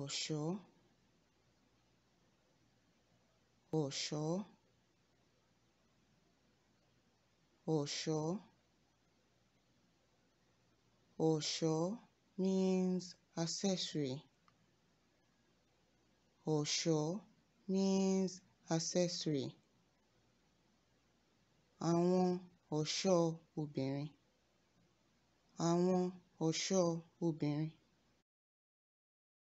ọ̀ṣọ́ ọ̀ṣọ́ ọ̀ṣọ́ ọ̀ṣọ́ means accessory ọ̀ṣọ́ means accessory àwọn ọ̀ṣọ́ obìnrin àwọn ọ̀ṣọ́ obìnrin